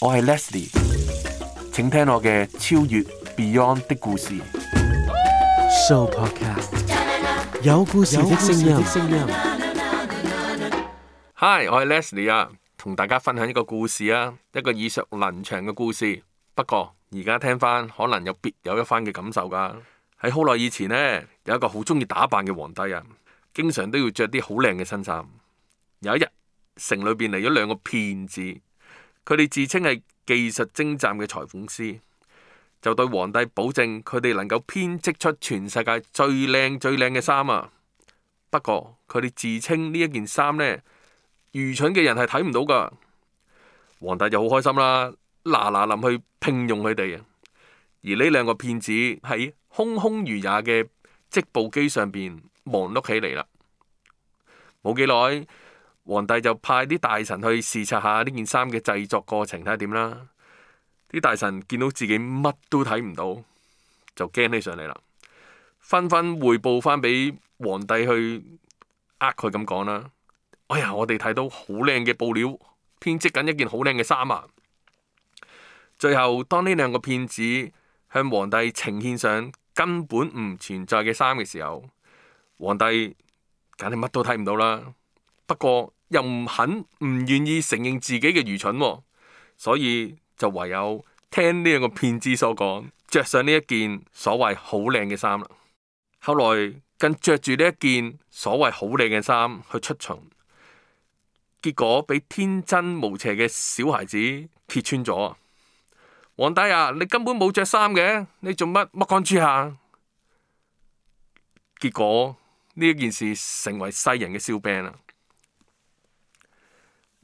我係 Leslie，請聽我嘅超越 Beyond 的故事。 有故事的聲音。Hi，我係 Leslie 啊，同大家分享一個故事啊，一個耳熟能詳嘅故事。不過而家聽翻，可能有別有一番嘅感受噶。喺好耐以前呢，有一個好中意打扮嘅皇帝啊，經常都要着啲好靚嘅新衫。有一日，城裏邊嚟咗兩個騙子。佢哋自稱係技術精湛嘅裁縫師，就對皇帝保證佢哋能夠編織出全世界最靚最靚嘅衫啊！不過佢哋自稱呢一件衫呢，愚蠢嘅人係睇唔到噶。皇帝就好開心啦，嗱嗱臨去聘用佢哋啊。而呢兩個騙子喺空空如也嘅織布機上邊忙碌起嚟啦。冇幾耐。皇帝就派啲大臣去視察下呢件衫嘅製作過程，睇下點啦。啲大臣見到自己乜都睇唔到，就驚起上嚟啦，紛紛匯報翻俾皇帝去呃佢咁講啦。哎呀，我哋睇到好靚嘅布料，編織緊一件好靚嘅衫啊！最後當呢兩個騙子向皇帝呈獻上根本唔存在嘅衫嘅時候，皇帝梗係乜都睇唔到啦。不過，又唔肯唔願意承認自己嘅愚蠢啊，所以就唯有聽呢兩個騙子所講，着上呢一件所謂好靚嘅衫啦。後來更着住呢一件所謂好靚嘅衫去出場，結果畀天真無邪嘅小孩子揭穿咗啊！皇帝啊，你根本冇着衫嘅，你做乜乜乾珠下？結果呢一件事成為世人嘅笑柄啦。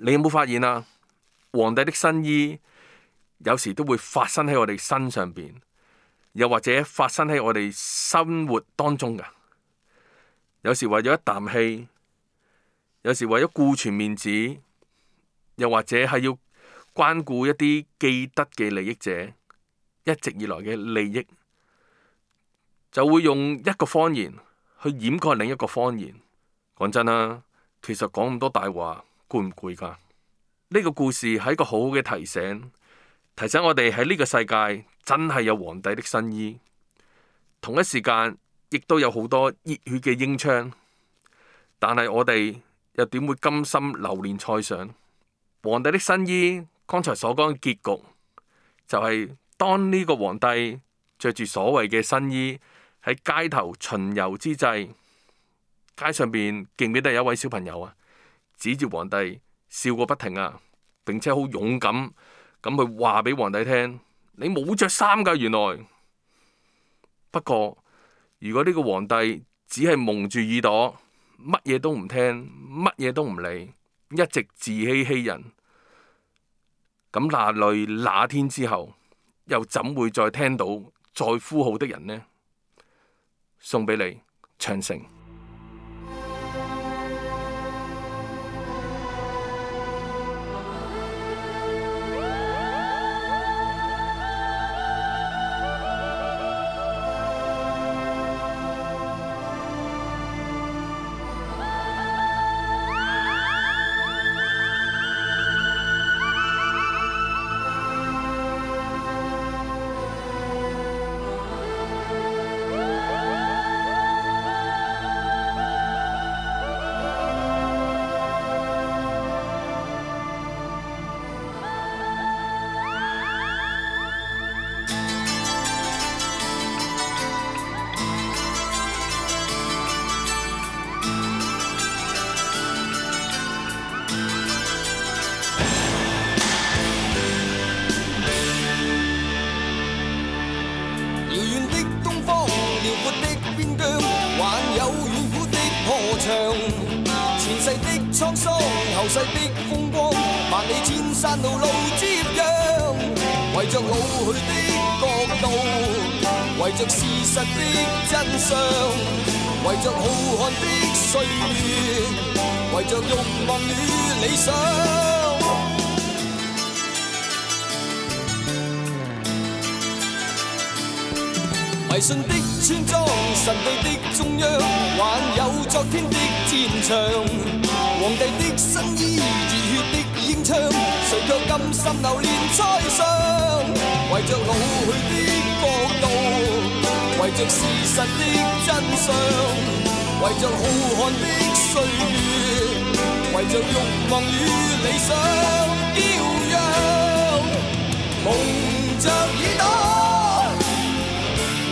你有冇發現啊？皇帝的新衣有時都會發生喺我哋身上邊，又或者發生喺我哋生活當中噶。有時為咗一啖氣，有時為咗顧全面子，又或者係要關顧一啲既得嘅利益者，一直以來嘅利益，就會用一個謊言去掩蓋另一個謊言。講真啦，其實講咁多大話。攰唔攰㗎？呢、這個故事係一個好好嘅提醒，提醒我哋喺呢個世界真係有皇帝的新衣，同一時間亦都有好多熱血嘅英槍。但係我哋又點會甘心流連菜上？皇帝的新衣剛才所講嘅結局，就係、是、當呢個皇帝着住所謂嘅新衣喺街頭巡遊之際，街上邊記唔記得有一位小朋友啊？指住皇帝笑個不停啊，並且好勇敢咁去話俾皇帝聽：你冇着衫噶。原來不過如果呢個皇帝只係蒙住耳朵，乜嘢都唔聽，乜嘢都唔理，一直自欺欺人，咁那類那天之後，又怎會再聽到再呼號的人呢？送俾你長城。前世的滄桑，後世的風光，萬里千山，路路接壤。為着老去的國度，為着事實的真相，為着浩瀚的歲月，為着欲望與理想。迷信的村莊，神秘的中央，還有昨天的戰場。皇帝的新衣，熱血的英槍，誰卻甘心留連在上？為着老去的國度，為着事實的真相，為着浩瀚的歲月，為着欲望與理想驕陽。蒙着已。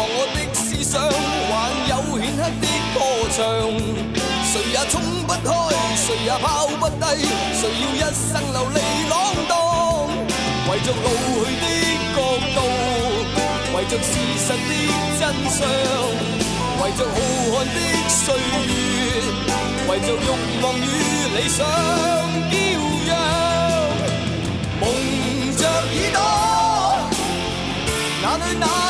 我的思想，還有顯赫的歌唱，誰也衝不開，誰也拋不低，誰要一生流離浪蕩。圍着老去的國度，圍着事實的真相，圍着浩瀚的歲月，圍着欲望與理想驕陽。矇着耳朵，那裏那。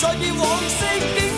再憶往昔。